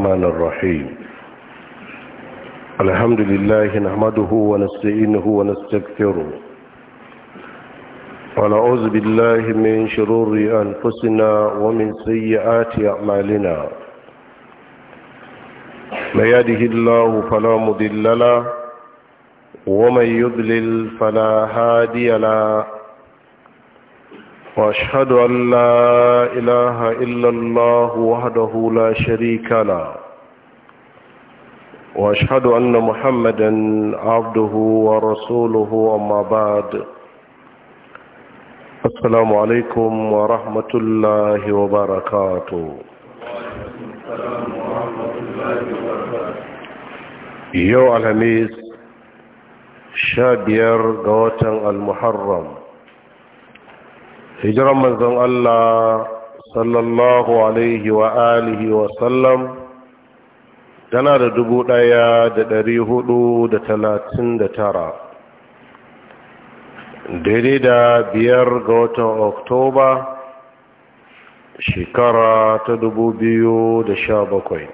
الرحمن الرحيم الحمد لله نحمده ونستعينه ونستغفره ونعوذ بالله من شرور أنفسنا ومن سيئات أعمالنا ما يهده الله فلا مضل له ومن يضلل فلا هادي له واشهد ان لا اله الا الله وحده لا شريك له واشهد ان محمدا عبده ورسوله اما بعد السلام عليكم ورحمه الله وبركاته يوم الخميس شابير غوتن المحرم hijiran manzon Allah sallallahu alaihi wa alihi wa sallam tana da dubu ɗaya da dari hudu da talatin da tara daidai da biyar ga watan oktoba shekara ta dubu biyu da sha bakwai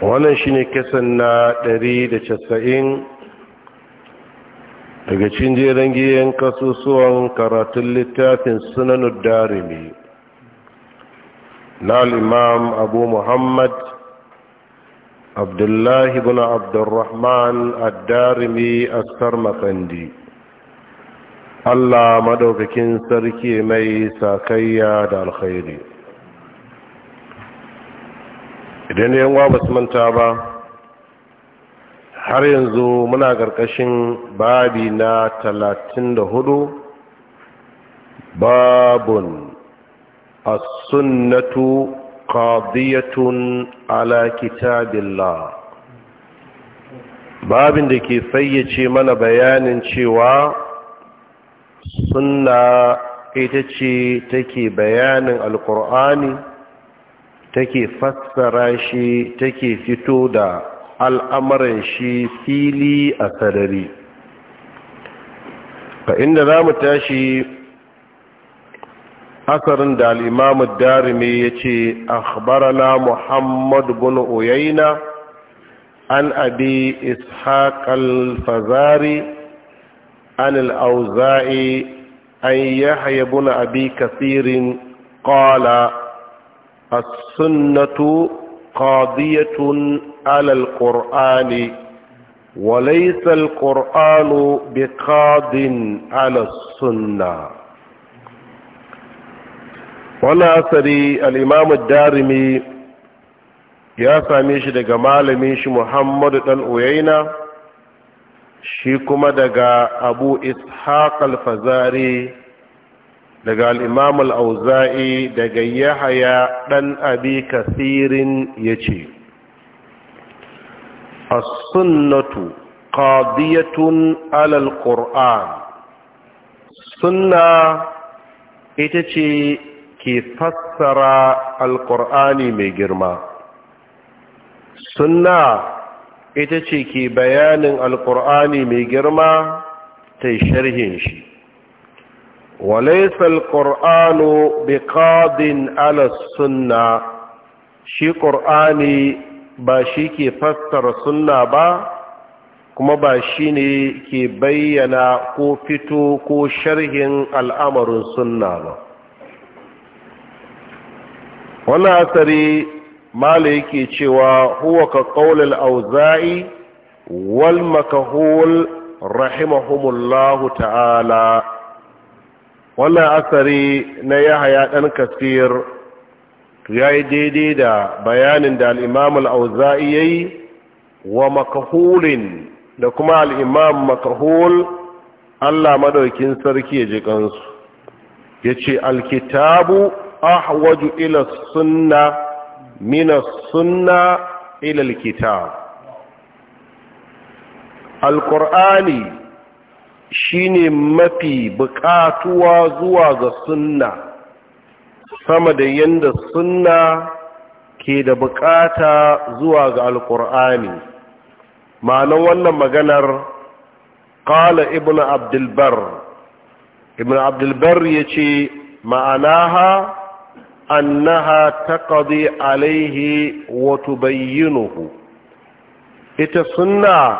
wannan shi ne kisan na dari da casa'in daga cikin jeren giyan kasusuwan karatun littafin sunanar darimi na al'imam abu muhammad abdullahi bin abdurrahman addarimi astar makandi allah maɗaukakin sarki mai sakayya da alkhairi idan yan wa basu manta ba har yanzu muna ƙarƙashin babi na talatin da hudu babun a sunnatu qadiyatun ala kitabillah babin da ke fayyace mana bayanin cewa sunna ita ce take bayanin alkur'ani take fassara shi take fito da al'amuran shi fili a sarari a inda za mu tashi asarin da al'imamu darimi ya ce akhbarana muhammad bin uyaina an abi ishaq al-fazari an al'auza'i an yahya bin abi kasirin ƙala a sunnatu qadiyatun alal القرآن وليس القرآن بقاض على السنة وانا أثري الإمام الدارمي ya same shi daga malamin shi muhammadu ɗan uyaina shi kuma daga abu ishaq al-fazari daga al al-auza'i daga yahaya ɗan abi kasirin yace as-sunnatu qadiyatun ala al-qur'an sunna ita ce ke fassara al-qur'ani mai girma sunna ita ce ke bayanin al-qur'ani mai girma ta sharhin shi وليس القرآن بقاض على sunna shi ƙur'ani ba shi ke fassara sunna ba kuma ba shi ne ke bayyana ko fito ko sharhin al'amarin sunna ba wannan asari mala yake cewa huwa ka ƙaunar auza'i wal makahol rahimahumullahu ta'ala wannan asari na yahaya ɗan kasir to ya yi daidai da bayanin da al'imam al'auza'i ya yi wa makahulin da kuma al'imam makahul allah maɗaukin sarki ya ji kansu ya ce alkitabu ahwaju ila sunna mina sunna ila alkitab alƙur'ani shine mafi buƙatuwa zuwa ga sunna sama da yadda sunna ke da bukata zuwa ga Alƙur'ani, ma'anan wannan maganar qala ibn abdulbar ibn abdulbar ya ce ma'anaha annaha taqdi alaihi wato bayyinuhu ita sunna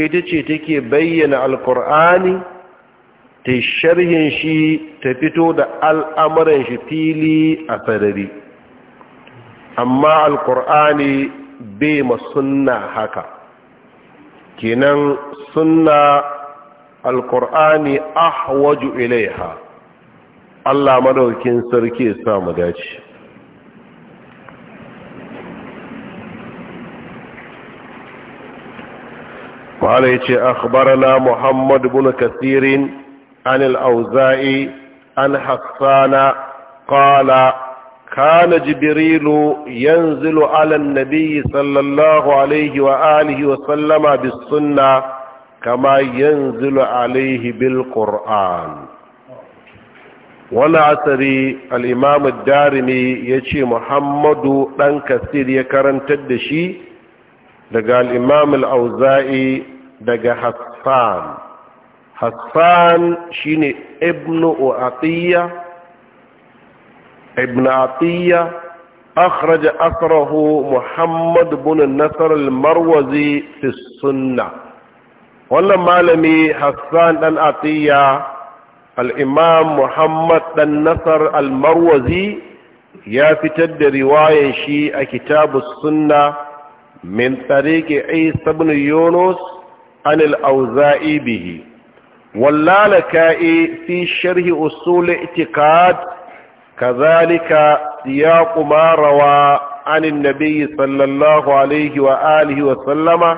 ita ce take bayyana alkur'ani ta sharhin shi ta fito da al'amuran shi fili a sarari amma alkur'ani bai ma suna haka kenan sunna alkur'ani ahwaju ilaiha Allah madaukin sarki sa mu dace قال يتي أخبرنا محمد بن كثير عن الأوزائي عن حسان قال كان جبريل ينزل على النبي صلى الله عليه وآله وسلم بالسنة كما ينزل عليه بالقرآن wani asari al'imamu darimi ya ce muhammadu ɗan kasir ya karantar da shi daga al'imamu al'auza'i daga hassan حسان شيني ابن عطية ابن عطية أخرج أثره محمد بن النصر المروزي في السنة ولا مالمي حسان بن عطية الإمام محمد بن النصر المروزي يا فتد رواية شيء كتاب السنة من طريق عيسى بن يونس عن الأوزائي به واللالكاء في شرح أصول اعتقاد كذلك سياق ما روى عن النبي صلى الله عليه وآله وسلم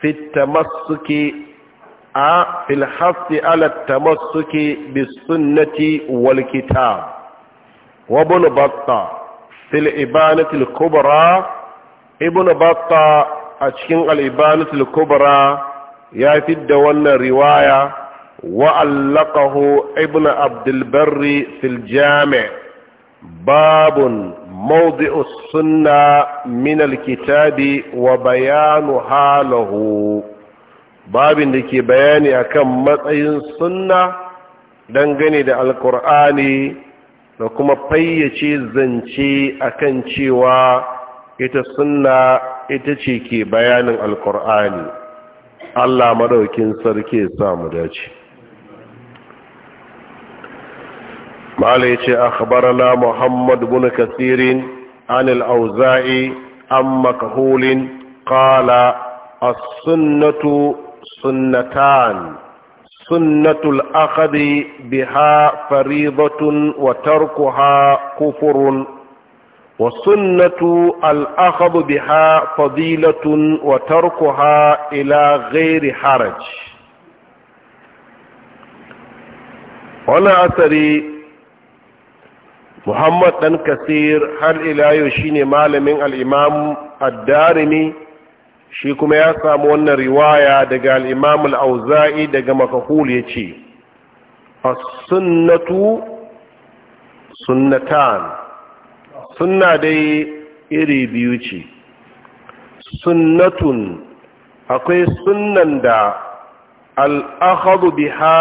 في التمسك آه، في الحث على التمسك بالسنة والكتاب وابن بطة في الإبانة الكبرى ابن بطة أشكين الإبانة الكبرى يفد ون رواية وعلقه ابن عبد البر في الجامع باب موضع السنة من الكتاب وبيان حاله باب دكي بيان أكم مطعي السنة دنغني دا القرآن لكم فيشي زنشي أكنشي و ita sunna ita ce ke bayanin alkur'ani allah maɗaukin sarki ya samu dace مالي چه اخبرنا محمد بن كثير عن الاوزاعي ام مكهول قال السنة سنتان سنة الاخذ بها فريضة وتركها كفر وسنة الاخذ بها فضيلة وتركها الى غير حرج وانا اثري muhammad dan kasir har ila yau shine malamin al-imam shi kuma ya samu wannan riwaya daga al al-auza'i daga makahul yace as-sunnatu sunnatan sunna dai iri biyu ce sunnatun akwai sunnan da al'akhadu biha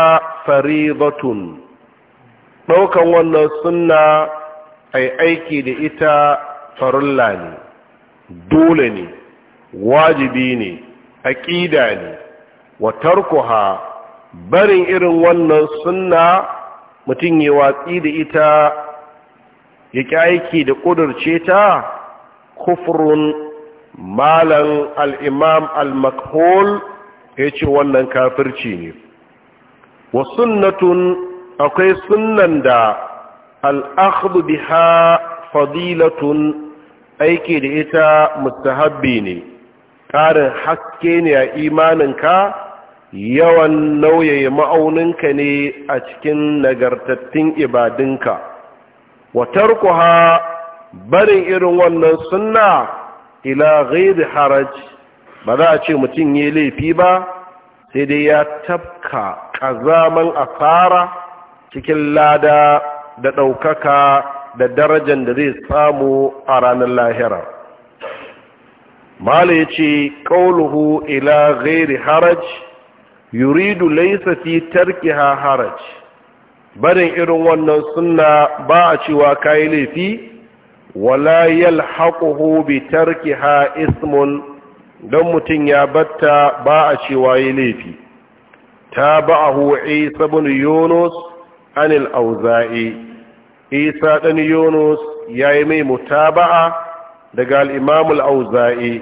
faridatun ɗaukan wannan sunna ai aiki da ita farulla ne dole ne wajibi ne aƙida ne wa tarkuha barin irin wannan sunna mutum ya watsi da ita ya ƙi aiki da ƙudurce ta kufurun malan al'imam al-makhul ya ce wannan kafirci ne wa sunnatun akwai sunnan da al'akhdu biha fadilatun aiki da ita mustahabbi ne ƙarin haske ne a imaninka yawan nauyaye ma'auninka ne a cikin nagartattun ibadinka wa tarkuha barin irin wannan sunna ila ghairi haraj ba za a ce mutum yi laifi ba sai dai ya tafka ƙazaman asara cikin lada da ɗaukaka da darajar da zai samu a ranar lahira mala ya ce ƙauluhu ila gairi haraj yuridu laisa fi ha haraj barin irin wannan suna ba a cewa kayi laifi wala yal haƙuhu bi tarki ha ismun don mutum ya batta ba a cewa yi laifi ta ba a huwa'i sabon yunus عن الأوزاعي إيسا بن يونس يايمي متابعة لقال إمام الأوزاعي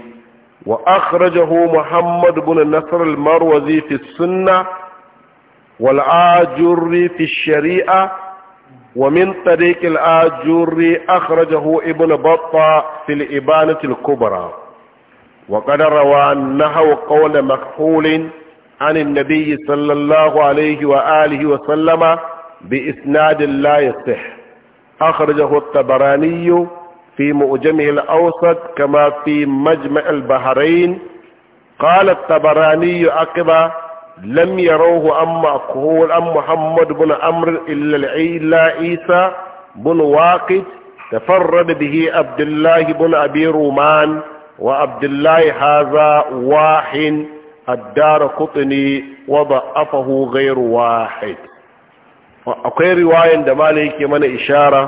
وأخرجه محمد بن نصر المروزي في السنة والآجر في الشريعة ومن طريق الآجر أخرجه ابن بطة في الإبانة الكبرى وقد روى أنها وقول مكحول عن النبي صلى الله عليه وآله وسلم بإسناد لا يصح أخرجه الطبراني في مؤجمه الأوسط كما في مجمع البحرين قال الطبراني أقبى لم يروه أم مأقول أم محمد بن عمرو إلا العيلة عيسى بن واقد تفرد به عبد الله بن أبي رومان وعبد الله هذا واحد الدار قطني وضعفه غير واحد akwai riwayan da mala yake mana ishara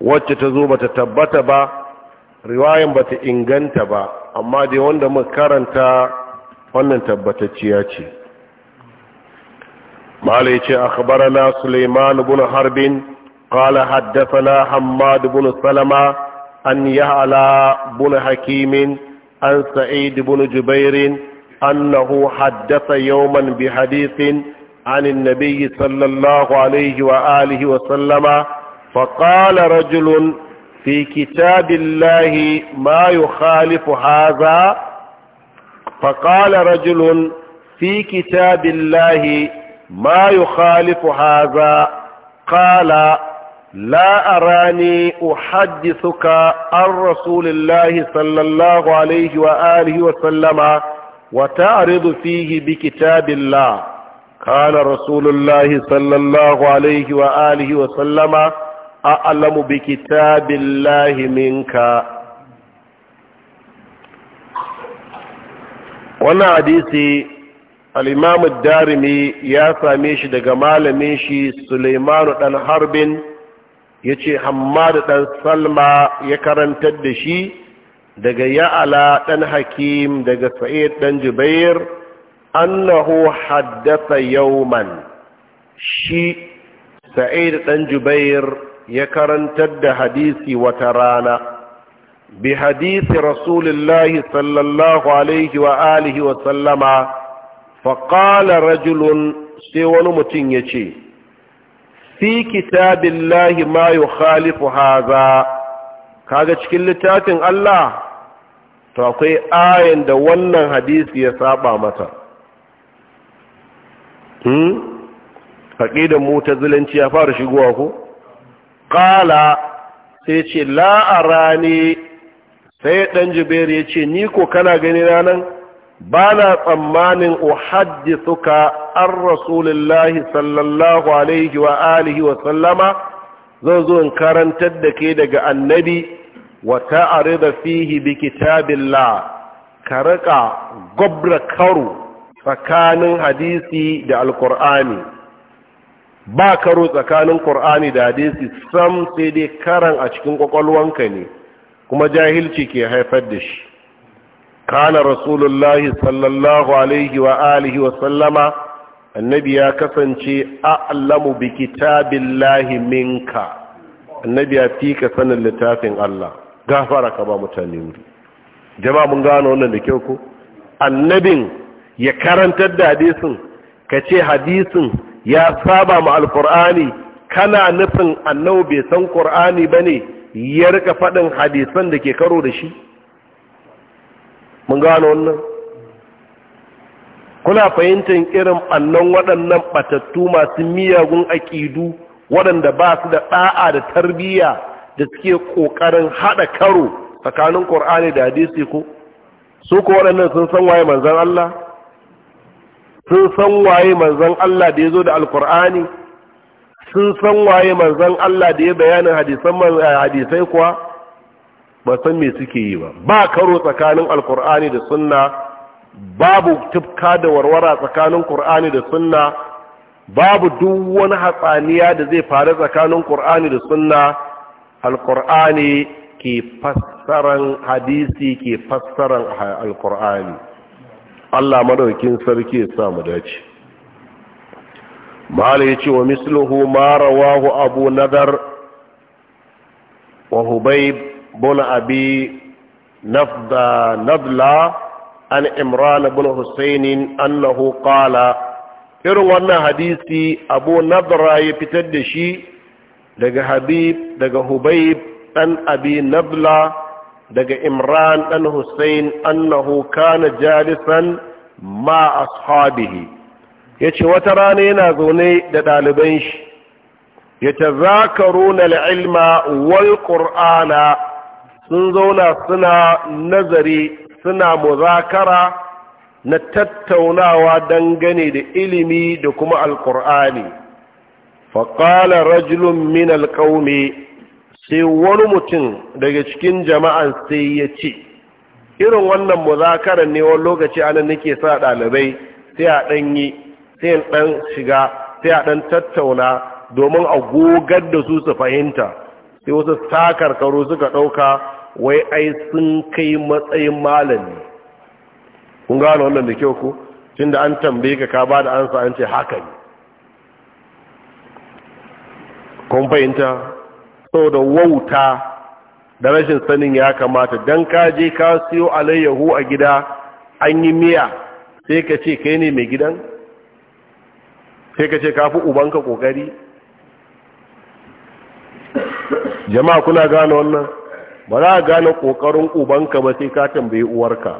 wacce ta zo bata tabbata ba riwayan bata inganta ba amma dai wanda muka karanta wannan tabbatacciya ce mala yace akhbarana Suleiman ibn Harbin qala haddathana Hammad ibn Salama an ya'la ibn Hakim an Sa'id ibn Jubair annahu haddatha yawman bi hadithin عن النبي صلى الله عليه وآله وسلم فقال رجل في كتاب الله ما يخالف هذا فقال رجل في كتاب الله ما يخالف هذا قال لا أراني أحدثك عن رسول الله صلى الله عليه وآله وسلم وتعرض فيه بكتاب الله قال رسول الله صلى الله عليه وآله وسلم أعلم بكتاب الله منك Wani hadisi al'imamu darimi ya same shi daga malamin shi suleimanu ɗan harbin ya ce hamadu ɗan salma ya karantar da shi daga ya'ala ɗan hakim daga sa'id ɗan jubair annahu haddasa yawman shi sa'id dan jubair ya karantar da hadisi wata rana bi hadisi rasulillahi sallallahu alaihi wa alihi wa sallama faƙala rajulun sai wani mutum ya ce fi kitabillahi ma khalifu haza kaga cikin littafin Allah to akwai ayin da wannan hadisi ya saba mata hmm aqidan mu'tazilanci ya fara shigowa ko qala sai ce la arani sai dan ya ce ni ko kana gani ranan ba na tsammanin suka an rasulullahi sallallahu alaihi wa alihi wa sallama zan zo in karantar da ke daga annabi wa ta'arida fihi bi kitabillah ka gobra karo tsakanin hadisi da alkur'ani ba karo tsakanin kur'ani da hadisi sam sai dai karan a cikin kwakwalwanka ne kuma jahilci ke haifar da shi kana rasulullah sallallahu alaihi wa alihi wa sallama annabi ya kasance a'lamu bi kitabillahi minka annabi ya fika sanin littafin Allah gafara ka ba mutane wuri jama'a mun gano wannan da kyau ko annabin ya karantar da hadisin ka ce hadisin ya saba ma alkur'ani kana nufin annabi bai san qur'ani bane ya rika faɗin hadisan da ke karo da shi mun gano wannan kuna fahimtar irin annan waɗannan batattu masu miyagun aƙidu waɗanda ba su da ɗa'a da tarbiyya da suke ƙoƙarin haɗa karo tsakanin ƙur'ani da hadisi ko su ko waɗannan sun san waye manzan Allah sun san waye manzon Allah da ya zo da alkur'ani sun san waye manzon Allah da ya bayanin hadisan eh, hadisai kuwa ba san me suke yi ba ba karo tsakanin alkur'ani da sunna babu tufka da warwara tsakanin qur'ani da sunna babu duk wani hatsaniya da zai faru tsakanin qur'ani da sunna alkur'ani ke fassaran hadisi ke fassaran alkur'ani Allah madaukin sarki ya sa mu dace mala yace wa misluhu ma rawahu abu nadar wa hubayb bin abi nafda nadla an imran bin husayn annahu qala irin wannan hadisi abu nadra ya fitar da shi daga habib daga hubayb dan abi nadla daga imran dan hussein annahu kana jalisan ma ashabihi yace wata rana yana zaune da ɗaliban shi yatazakaruna al-ilma wal qur'ana sun zauna suna nazari suna muzakara na tattaunawa dangane da ilimi da kuma Alƙur'ani. faƙala rajulun min alƙaumi sai wani mutum daga cikin jama'an sai ya ce irin wannan muzakarar ne wani lokaci anan nake sa ɗalibai sai a ɗan yi sai ɗan shiga sai a ɗan tattauna domin a gogar da su su fahimta sai wasu sakarkaru suka ɗauka wai ai sun kai matsayin malami kun gano wannan da kyau ku tun da an tambaye ka ka ba da ansa an ce haka ne kun fahimta saboda wauta da rashin sanin ya kamata don ka je ka siyo alayyahu a gida an yi miya sai ka ce kai ne mai gidan sai ka ce kafi ubanka kokari jama'a kuna gane wannan ba za a gane kokarin ubanka ba sai ka tambayi uwarka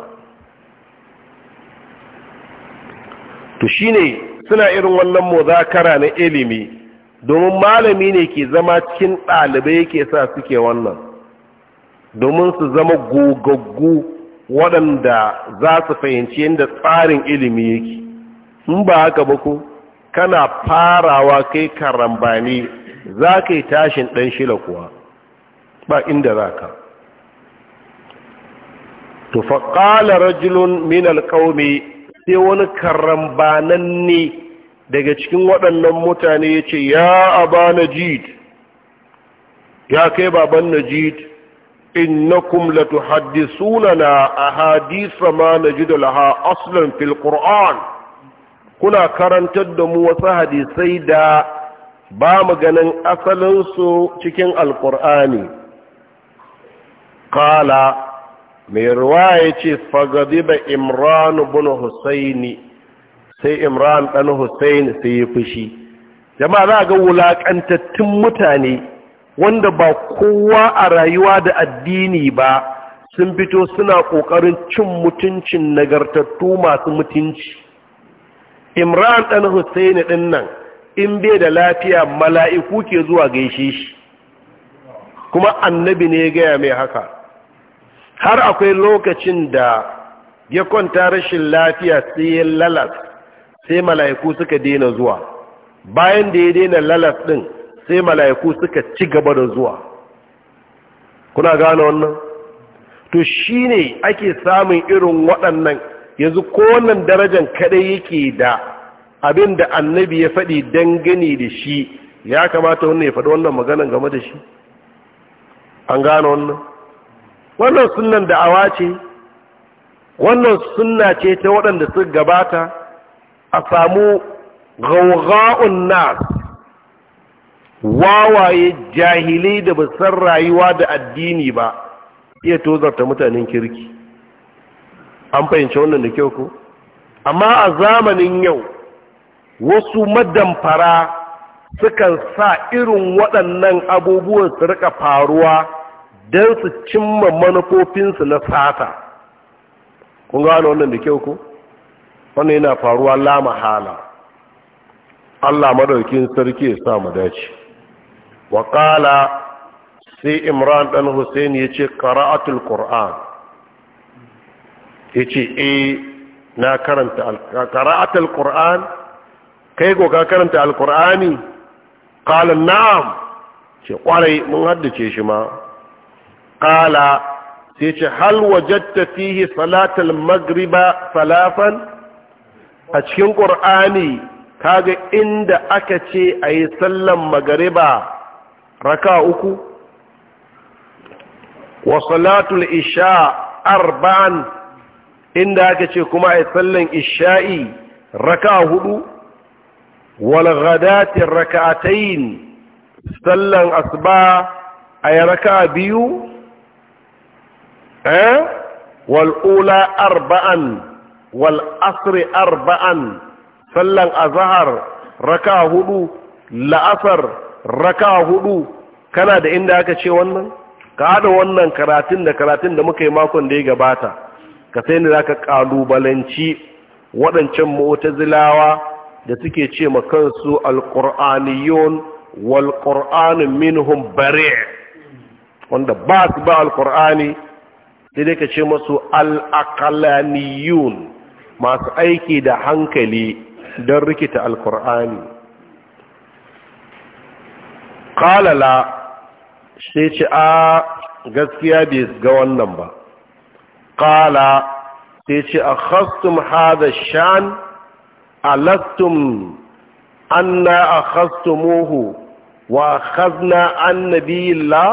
to shine suna irin wannan mozakara na ilimi domin malami ne ke zama cikin ɗalibai yake sa suke wannan domin su zama gogaggu waɗanda za su fahimci yadda tsarin ilimi yake in ba haka ba ku kana farawa kai karambani za ka yi tashin ɗan shila kuwa ba inda za ka tufaƙala rajulun min alƙaumi sai wani karambanan ne daga cikin waɗannan mutane ya ce ya aba najid ya kai baban najid innakum latuhaddisuna na hadisa ma najid laha aslan fil qur'an kuna karantar da mu wasu hadisai da ba mu ganin asalinsu cikin Alƙur'ani. kala mai ruwa ya ce fagadiba Imranu bin husaini sai imran ɗan hussein sai ya fushi jama'a za a ga wulaƙantattun mutane wanda ba kowa a rayuwa da addini ba sun fito suna ƙoƙarin cin mutuncin nagartattu masu mutunci imran ɗan hussein ɗin nan in bai da lafiya mala'iku ke zuwa gaishe shi kuma annabi ne ya gaya mai haka har akwai lokacin da ya kwanta rashin lafiya sai ya lalata. sai mala'iku suka daina zuwa bayan da ya daina lalas ɗin sai mala'iku suka ci gaba da zuwa kuna gane wannan to shi ne ake samun irin waɗannan yanzu kowannan darajan kaɗai yake da abin da annabi ya faɗi dangane da shi ya kamata wannan ya faɗi wannan maganan game da shi an gane wannan wannan sunan da'awa ce wannan sunna ce ta waɗanda suka gabata a samu gauga'un nas wawaye jahilai da basan rayuwa da addini ba iya tozarta mutanen kirki an fahimci wannan da kyau ko amma a zamanin yau wasu madamfara sukan sa irin waɗannan abubuwan su rika faruwa don su cimma manufofinsu na sata kun gano wannan da kyau ko wannan yana faruwa la mahala Allah madaukin sarki ya sa mu dace wa qala sai Imran dan Hussein yace qira'atul Qur'an yace eh na karanta al-qira'atul Qur'an kai go ka karanta al-Qur'ani qala na'am ce kwarai mun haddace shi ma qala sai ce hal wajadta fihi salatul maghriba salafan a cikin ƙur'ani kaga inda aka ce a yi sallan magariba raka uku wa salatul isha arba'an inda aka ce kuma a yi sallan isha'i raka hudu walghadatin raka'atayin sallan asuba a yi raka biyu eh wal'ula arba'an wal asri arba'an sallan azhar raka hudu la'asar raka hudu kana da inda aka ce wannan ka haɗa wannan karatun da karatun da muka yi makon da ya gabata ka sai ne za ka ƙalubalanci waɗancan mu'tazilawa da suke ce ma kansu alƙur'aniyon walƙur'anin minhum bare wanda ba su ba alƙur'ani sai dai ka ce masu al'aƙalaniyun masu aiki da hankali don rikita alkur'ani kalala shi ci, a gaskiya bai ga wannan ba kala sai ci, a khastum hada shan alastum anna a khastumuhu wa khazna annabiyillah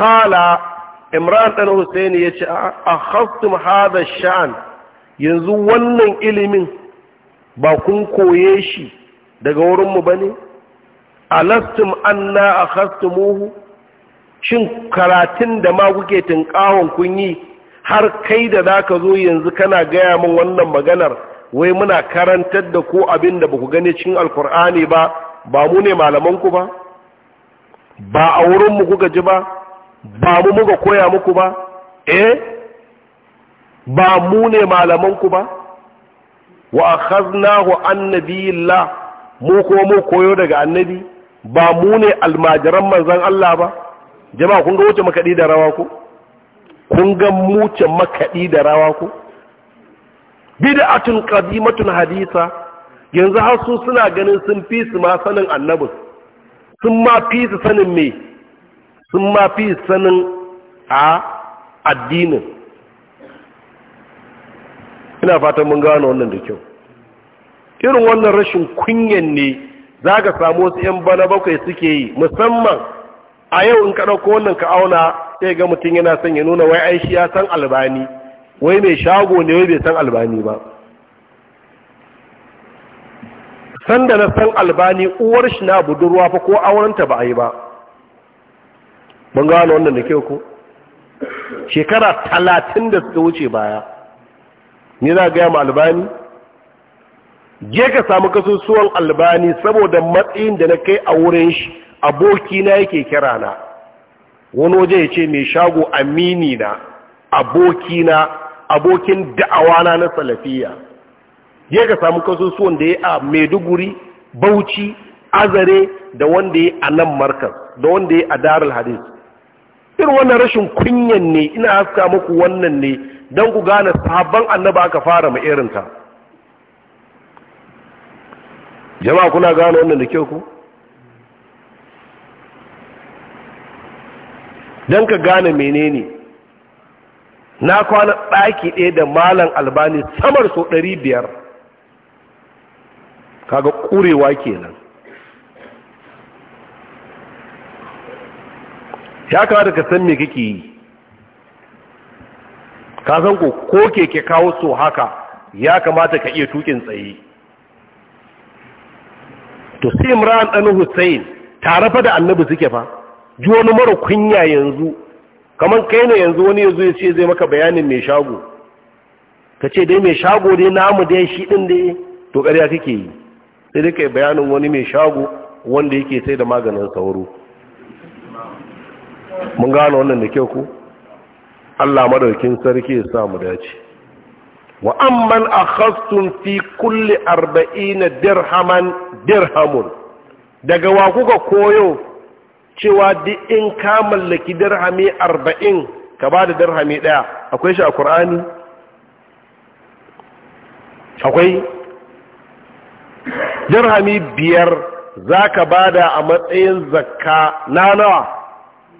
kala imran dan husaini ya ci, a khastum hada shan yanzu wannan ilimin ba kun koye shi daga wurinmu ba ne alastum anna akhastumuhu shin karatun da ma kuke tinkawon kun yi har kai da zaka zo yanzu kana gaya min wannan maganar wai muna karantar da ko abin da ba ku gane cikin alkur'ani ba ba mu ne malaman ba ba a wurinmu kuka ji ba ba mu muka koya muku ba eh ba mu ne malamanku ba wa akhaznahu mu ko mu koyo daga annabi ba mu ne almajiran manzon Allah ba jama'a kun ga wuce makadi da rawa ko kun ga muce makadi da rawa ko bid'atun qadimatun haditha yanzu har su suna ganin sun fi su ma sanin annabi sun ma fi su sanin me sun ma fi sanin a addinin ina fatan mun gano wannan da kyau irin wannan rashin kunyan ne za ka samu wasu 'yan bana bakwai suke yi musamman a yau in ka ko wannan ka auna sai ga mutum yana son ya nuna wai aishi ya san albani wai mai shago ne wai bai san albani ba sanda na san albani uwar shi na budurwa fa ko aurenta ba a yi ba mun gano wannan da kyau ko shekara talatin da suka wuce baya ni za gaya ma albani je ka samu kasusuwan albani saboda matsayin da na kai a wurin shi aboki na yake kira na wani waje ya ce mai shago amini na aboki na abokin da'awa na salafiya je ka samu kasusuwan da ya a maiduguri bauchi azare da wanda ya a nan markas da wanda ya a darul hadis irin wannan rashin kunyan ne ina haska muku wannan ne don ku gane sabon annaba aka fara ma irinta jama'a kuna gane wannan da kyau ku don ka gane menene na kwana ɗaki ɗaya da malam albani samar so ɗari biyar kaga ƙurewa kenan ya da ka san me kake yi ka san ko ko keke kawo so haka ya kamata ka iya tukin tsaye to sai imran dan tare fa da annabi suke fa ji wani mara kunya yanzu kamar kai ne yanzu wani yazo ya ce zai maka bayanin mai shago ka dai mai shago dai namu dai shi din dai to ƙarya kake yi sai dai kai bayanin wani mai shago wanda yake sai da maganin sauro mun gano wannan da kyau ko Allah madaukin sarki ya sa mu dace wa amman akhastum fi kulli 40 dirhaman dirhamun daga wa kuka koyo cewa duk in ka mallaki dirhami 40 ka bada dirhami daya akwai shi a Qur'ani akwai dirhami biyar zaka bada a matsayin zakka na nawa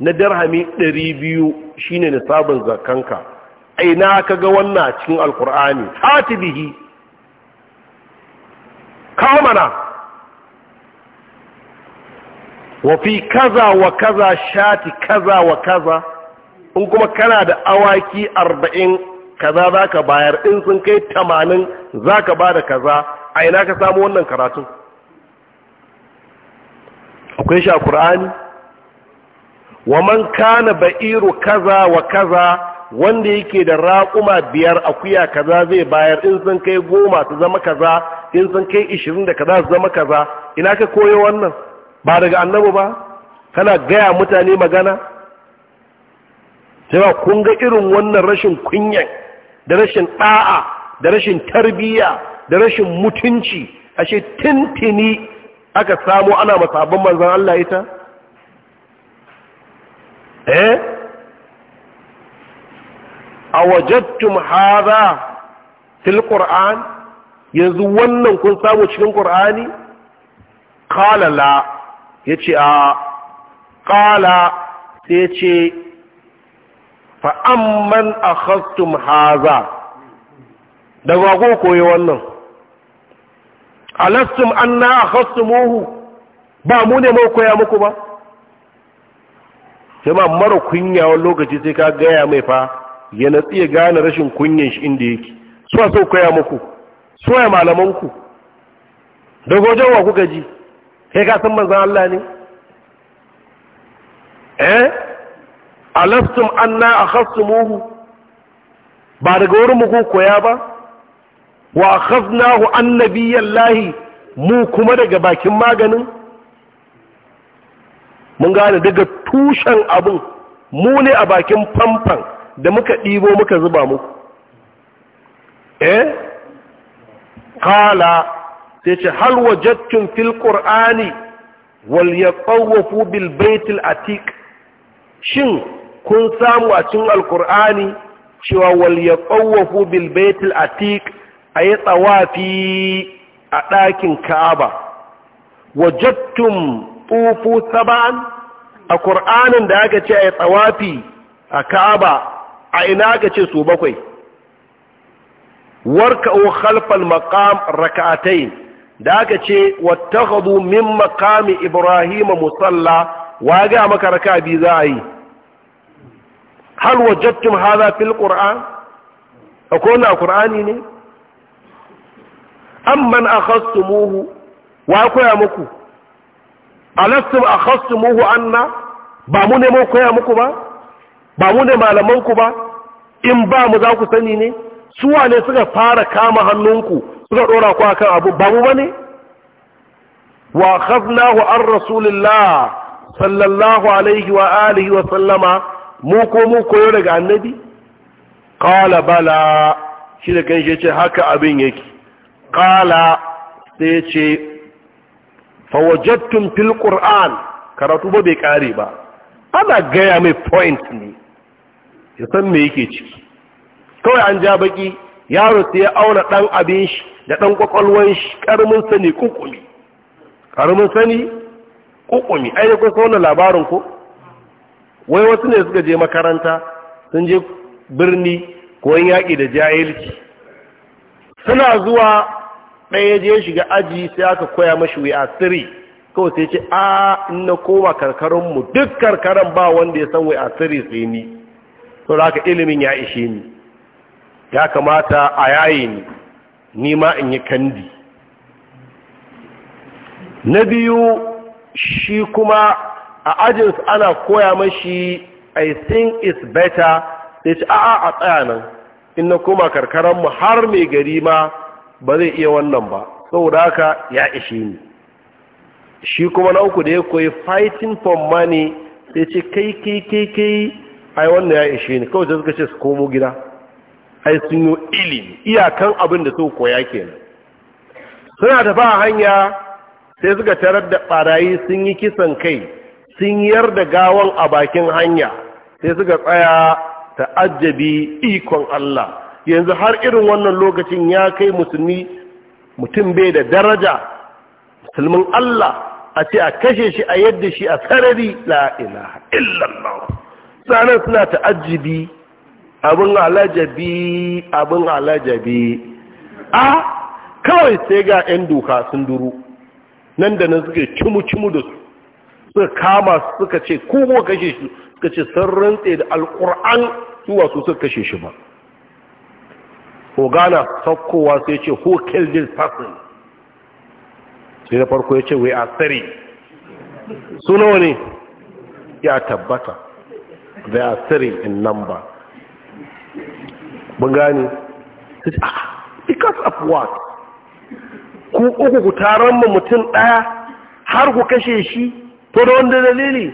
na dirhami 200 shine sabon zakanka aina ka ga wannan cikin alkur'ani hatibihi kamana wafi kaza wa kaza shati kaza wa kaza in kuma kana da awaki arba'in kaza za ka bayar in sun kai tamanin za ka ba da kaza aina ka samu wannan karatun akwai shi a ƙur'ani wa man kana ba'iru kaza wa kaza wanda yake da raƙuma biyar akuya kaza zai bayar in sun kai goma su zama kaza in sun kai ishirin da kaza su zama kaza ina ka koyo wannan ba daga annabi ba kana gaya mutane magana sai kun ga irin wannan rashin kunya da rashin ɗa'a da rashin tarbiyya da rashin mutunci ashe tintini aka samu ana masaban manzan Allah ita eh a hadha fil qur'an yanzu wannan kun samu cikin ƙur'ani. qala la yace a qala sai yace fa amman akhadtum hadha da wago koyi wannan alastum anna akhadtumuhu ba mu ne mu koya muku ba sai ma mara kunya wani lokaci sai ka gaya mai fa ya natsi ya gane rashin kunyan shi inda yake suwa sau koya muku so ya malamanku da gojon wa kuka ji kai ka san manzan Allah ne eh alastum anna akhasmuhu ba daga wurin muku koya ba wa akhadnahu annabiyallahi mu kuma daga bakin maganin mun gane daga tushen abin mu ne a bakin famfan da muka ɗibo muka zuba muku eh kala sai ce hal wajattun fil qur'ani wal ya yatawafu bil baitil atik shin kun samu a cin alqur'ani cewa wal ya yatawafu bil baitil a ayi tsawafi a ɗakin ka'aba wajattum tufu saba'an a ƙur'anin da aka ce a yi tsawafi a ka'aba a ina aka ce su bakwai warka'u khalfal maqam rak'atayn da aka ce wattakhadhu min maqami ibrahima musalla wa ga maka raka bi za a yi hal wajadtum hadha fil qur'an ko na qur'ani ne amman akhastumuhu wa koya muku alastum muhu anna ba mu ne mu koya muku ba ba mu ne malaman ku ba in ba mu za ku sani ne su wane suka fara kama hannunku suka dora ku akan abu ba mu bane wa khaznahu an rasulillah sallallahu alaihi wa alihi wa sallama mu ko mu koyo daga annabi qala bala shi da kan shi ce haka abin yake qala sai ce fa fil qur'an karatu ba bai kare ba ana gaya mai point ne ya san me yake ciki kawai an ja baki yaro sai ya auna dan abin shi da dan kwakwalwan shi karamin sani kukumi karamin sani kukumi ai da kun labarin ko wai wasu ne suka je makaranta sun je birni ko yaƙi da jahilci suna zuwa ɗaya je shiga aji sai aka koya mashi wi'a asiri. kawai sai ce a ina koma karkarunmu duk karkaran ba wanda ya san wi'a asiri sai ni sau da ilimin ya ishe ni ya kamata a yayi ni ma in yi kandi na biyu shi kuma a ajinsu ana koya mashi i think it's better sai ce a'a a tsaya nan in na koma karkaranmu har mai gari ma ba zai iya wannan ba saboda haka ya ishe ni shi kuma na uku da ya koyi fighting for money sai ce kai kai kai kai ai wannan ya ishe ni kawai suka ce su komo gida ai sun yi ilimi iyakan abin da su koya kenan suna tafa a hanya sai suka tarar da barayi sun yi kisan kai sun yar da gawan a bakin hanya sai suka tsaya ta ta'ajjabi ikon Allah yanzu har irin wannan lokacin ya kai musulmi mutum bai da daraja musulmin Allah a ce a kashe shi a yadda shi a sarari la illallah sanan suna ta'ajjibi abin alajabi abin alajabi a kawai sai ga 'yan doka sun duru nan da nan suke cimu-cimu da su suka kama suka ce kuma kashe shi suka ce sun rantse da alkur'an zuwa su suka kashe shi ba ogana saukowa sai ce who killed this person sai da farko ya ce we are three su nawa ne ya tabbata they are three in number mun gani ah, because of what ku uku ku taron mu mutum daya har ku kashe shi to da wanda dalili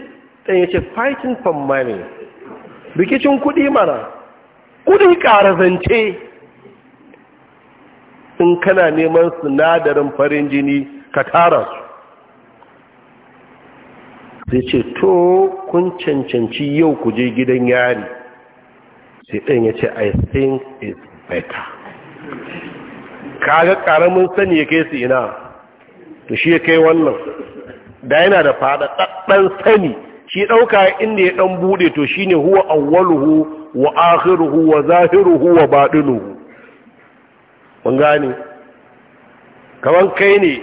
dan yace fighting for money rikicin kudi mana kudi ƙara zance in kana neman sinadarin farin jini ka tara su sai ce to kun cancanci yau ku je gidan yari sai ɗan ya ce i think it's better kaga ƙaramin sani ya kai su ina to shi ya kai wannan da yana da fada ɗaɗɗan sani shi ɗauka inda ya ɗan buɗe to shi ne huwa awwaluhu wa ahiruhu wa zahiruhu wa baɗinuhu mun gani kaman kai ne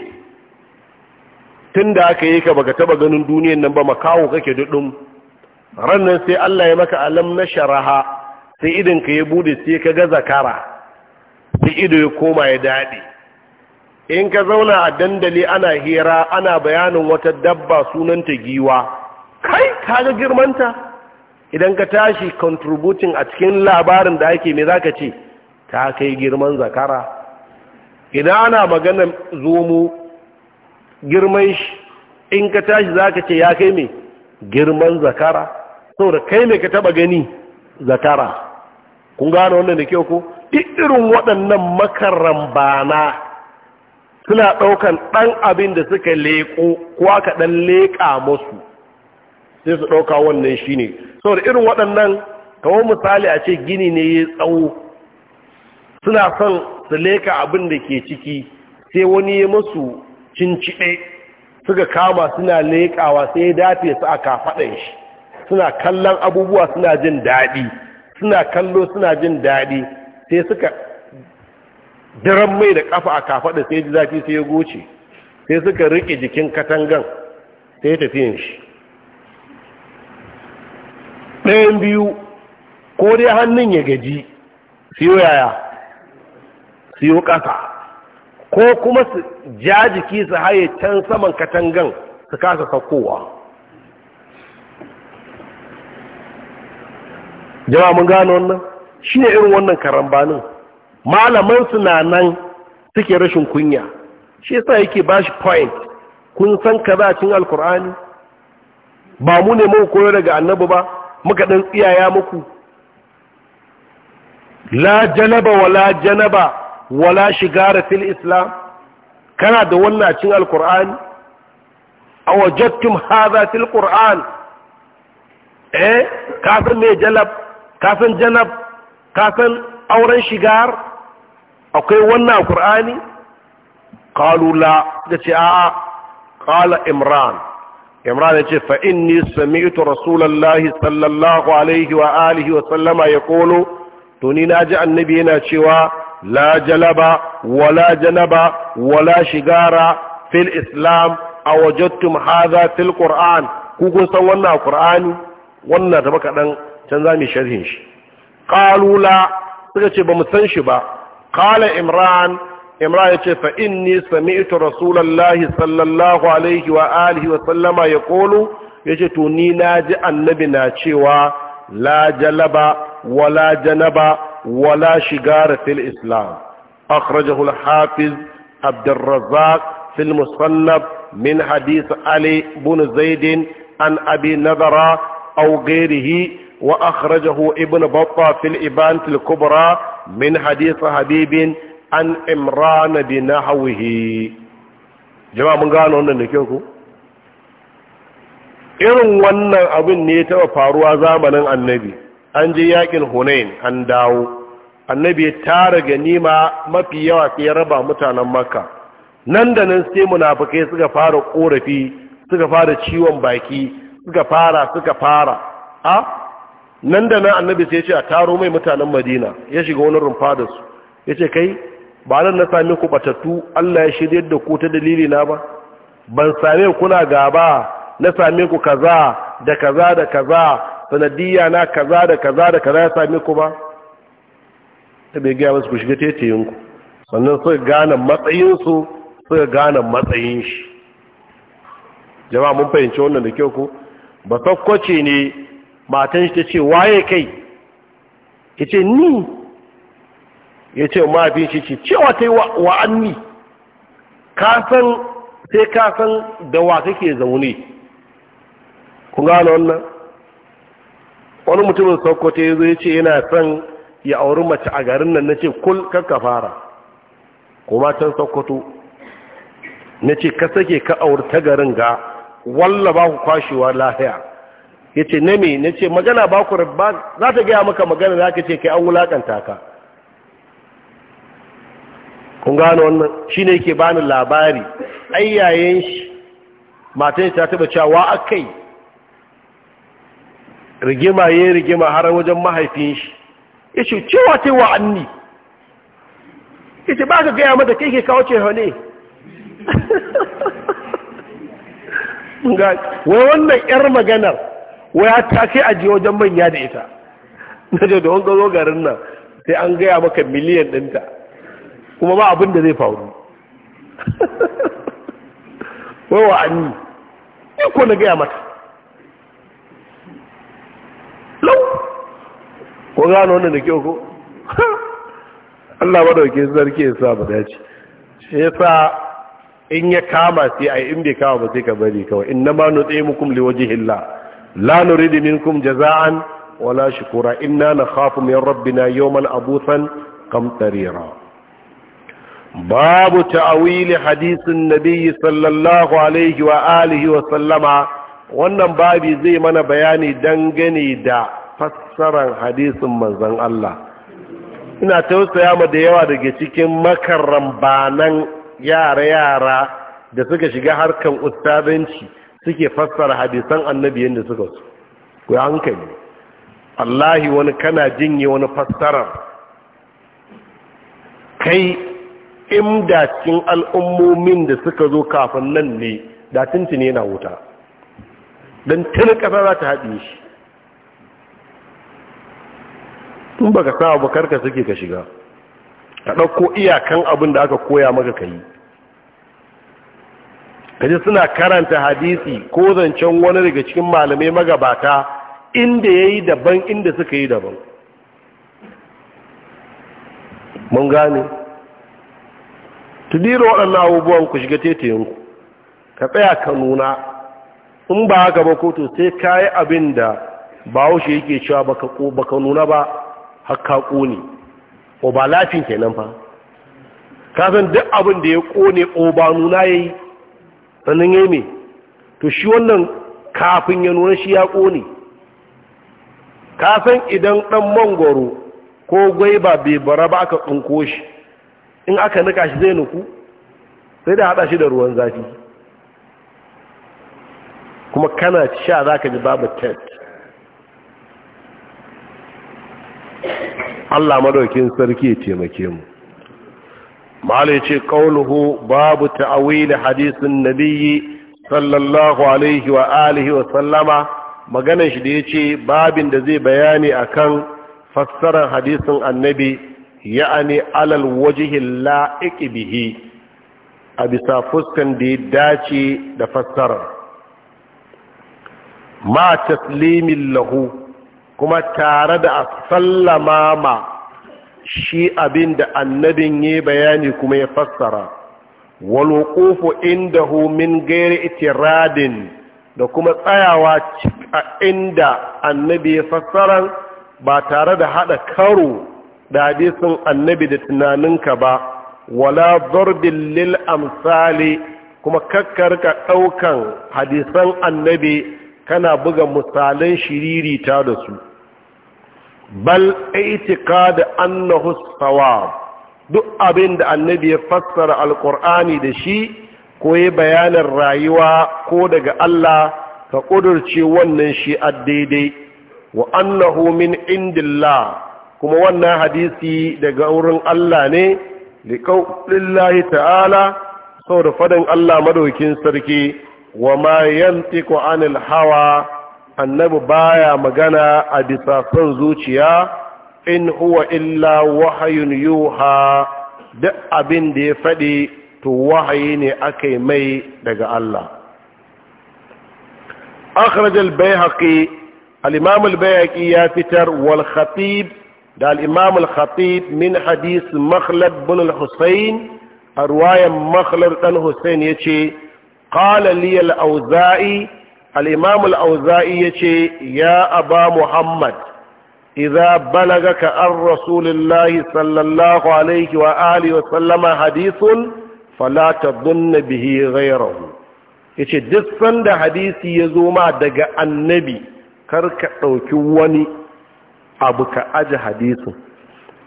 tun da aka yi ka baka taba ganin duniyan nan ba makawo kake duɗin rannan sai Allah ya maka alam na sharaha sai idan ka ya bude sai ka ga zakara sai ido ya koma ya daɗe in ka zauna a dandali ana hira ana bayanin wata dabba sunanta giwa kai ka ga girmanta idan ka tashi contributing a cikin labarin da ake me zaka ce ta kai girman zakara idan ana magana zomo girman shi in ka tashi za ka ce ya kai mai girman zakara saboda kai mai ka taba gani zakara kun gano wannan da kyau ko duk irin waɗannan makaran bana suna ɗaukan ɗan abin da suka leƙo ko aka ɗan leƙa musu sai su ɗauka wannan shi ne saboda irin waɗannan kawo misali a ce gini ne ya tsawo suna son su leka abin da ke ciki sai wani ya masu cinciɗe suka kama suna lekawa sai ya dafe su a kafaɗan shi suna kallon abubuwa suna jin daɗi suna kallo suna jin daɗi sai suka daren mai da ƙafa a kafaɗa sai ji zafi sai ya goce sai suka riƙe jikin katangan sai ya yin shi ɗayan biyu ko dai hannun ya gaji siyo yaya su yi ƙasa ko kuma su ja jiki su haye can saman katangan su kasa saukowa jama'a mun gano wannan shi ne irin wannan karambanin malaman su na nan suke rashin kunya shi yasa yake ba shi point kun san ka za a cikin alkur'ani ba mu ne muku koyo daga annabu ba muka ɗan tsiyaya muku la janaba wa La janaba wala shigara fil islam kana da wannan cin alkur'ani a wajattum haza fil qur'an eh kasan mai jalab kasan janab kasan auren shigar akwai wannan qur'ani qalu la da ce a'a qala imran imran ya ce fa inni sami'tu rasulullahi sallallahu alaihi wa alihi wa sallama yaqulu to ni naji annabi yana cewa Lajalaba wala janaba wala shigara fil islam a wajattum hadha fil qur'an ku kun san wannan qur'ani wannan da kaɗan can za mu sharhin shi qalu suka ce ba san shi ba qala imran imran yace fa inni sami'tu rasulullahi sallallahu alaihi wa alihi wa sallama yaqulu yace to ni ji annabi na cewa la jalaba wala janaba wala shigara fil islam akhrajahu al-hafiz عبد الرزاق في المصنف من حديث علي بن زيد عن أبي نذر أو غيره وأخرجه ابن بطة في الإبانة الكبرى من حديث حبيب عن إمران بنحوه جماعة من قالوا أنه نكيوكو irin wannan abin ne ya taɓa faruwa zamanin annabi an je yakin hunain an dawo annabi ya tara ganima mafi yawa sai ya raba mutanen makka nan da nan sai munafikai suka fara korafi suka fara ciwon baki suka fara suka fara a nan da nan annabi sai ya ce a taro mai mutanen madina ya shiga wani rumfa da su ya ce kai ba nan na sami ku batattu allah ya shirya da ku ta dalili na ba ban same kuna gaba na same ku kaza da kaza da kaza sanadiyya na kaza da kaza da kaza ya same ku ba ta bai gaya masu ku shiga tetayinku sannan suka gane matsayinsu suka gane matsayin shi jama'a mun fahimci wannan da kyau ku ba sakwace ne matan shi ta ce waye kai ya ce ni ya ce mafi shi ce cewa ta yi ni kasan sai kasan da wa kake zaune Ku gane wannan wani mutumin sakwace ya zo ya ce yana son ya auri mace a garin nan na ce kul kakka fara kuma can sokoto na ce ka sake ka auri ta garin ga walla ba ku kwashewa lafiya ya ce na me na ce magana ba ku rabba za ta gaya maka magana za ka ce kai an wulaƙanta ka kun gano wannan shi ne yake bani labari ayyayen shi matan ta taba cewa akai rigima ya rigima har wajen mahaifin shi ya ce cewa ce wa anni ya ce ba ka gaya mata kai ke kawo ce hane wai wannan yar maganar wai ta kai aji wajen manya da ita na ce da wanga zogarin nan sai an gaya maka miliyan ɗinta kuma ba abin da zai faru wai wa anni ni ko na gaya mata ko gano wannan da kyau ko Allah madaukin sarki ya sa ba dace shi yasa in ya kama sai ai in bai kama ba sai ka bari kawai inna ma nutimukum liwajhillah la nuridu minkum jazaan wala shukura inna nakhafu min rabbina yawman abusan qamtarira babu ta'wili hadisin nabi sallallahu alaihi wa alihi wa sallama wannan babi zai mana bayani dangane da fassarar hadisin manzan Allah ina tausaya ma da yawa daga cikin makarran banan yara-yara da suka shiga harkan ustadanci suke fassara hadisan annabi yadda suka su ku hankali Allahi wani kana jinye wani fassarar kai inda cikin al'ummomin da suka zo kafin nan ne da tuntune na wuta don tuni ƙasa za ta haɗe shi in baka sa ba karka suke ka shiga ka ɗauko iyakan abin da aka koya maka ka yi kaji suna karanta hadisi ko zancen wani daga cikin malamai magabata inda ya yi daban inda suka yi daban mun gane dira waɗannan abubuwan ku shiga tetayenku ka tsaya ka nuna in ba haka ba kotu sai ka yi abin da ba haushe yake cewa baka nuna ba hakka ƙone lafin kenan fa kasan duk abin da ya ƙone obanu nuna ya yi sannan ya yi mai to shi wannan kafin ya nuna shi ya ƙone kasan idan ɗan mangoro ko gwaiba bai bara ba aka ɗunko shi in aka nika shi zai nuku sai da haɗa shi da ruwan zafi kuma kana sha za ka ji babu tet Allah madaukin sarki ya taimake mu malai ce kauluhu babu ta'wil hadisin nabiyyi sallallahu alaihi wa alihi wa sallama maganar shi da yace babin da zai bayani akan fassarar hadisin annabi ya'ani alal wajhi la'iq bihi a fuskan da ya dace da fassarar ma taslimin lahu kuma tare da a sallama ma shi abin da annabin yi bayani kuma ya fassara walwukufu inda min gairi itiradin da kuma tsayawa a inda annabi ya fassara ba tare da haɗa karo da hadisin annabi da tunaninka ba wala zarbin lil amsali kuma kakkarka ɗaukan hadisan annabi kana buga misalan shiririta da su bal da annahu sawab duk abin da annabi ya fassara alqur'ani da shi ko ya bayanin rayuwa ko daga Allah ka ƙudurci wannan shi a daidai wa annahu min indillah kuma wannan hadisi daga wurin Allah ne liƙaulillahi ta'ala saboda faɗin Allah madaukin sarki wa ma yantiqu anil hawa annabi baya magana a bisa son zuciya in huwa illa wahayun yuha duk abin da ya faɗi to wahayi ne aka yi mai daga Allah akhraj al-bayhaqi al-imam al-bayhaqi ya fitar wal khatib da al-imam al-khatib min hadith makhlad bin al-husayn a ruwayan makhlad dan husayn yace qala li al-auza'i al-imam al-auza'i yace ya aba muhammad Iza idza balagaka an rasulillahi sallallahu alaihi wa alihi wa sallama hadithun fala tadhunna bihi ghayrahu yace duk sanda hadisi ya zo ma daga annabi kar ka ɗauki wani abu ka aje hadisin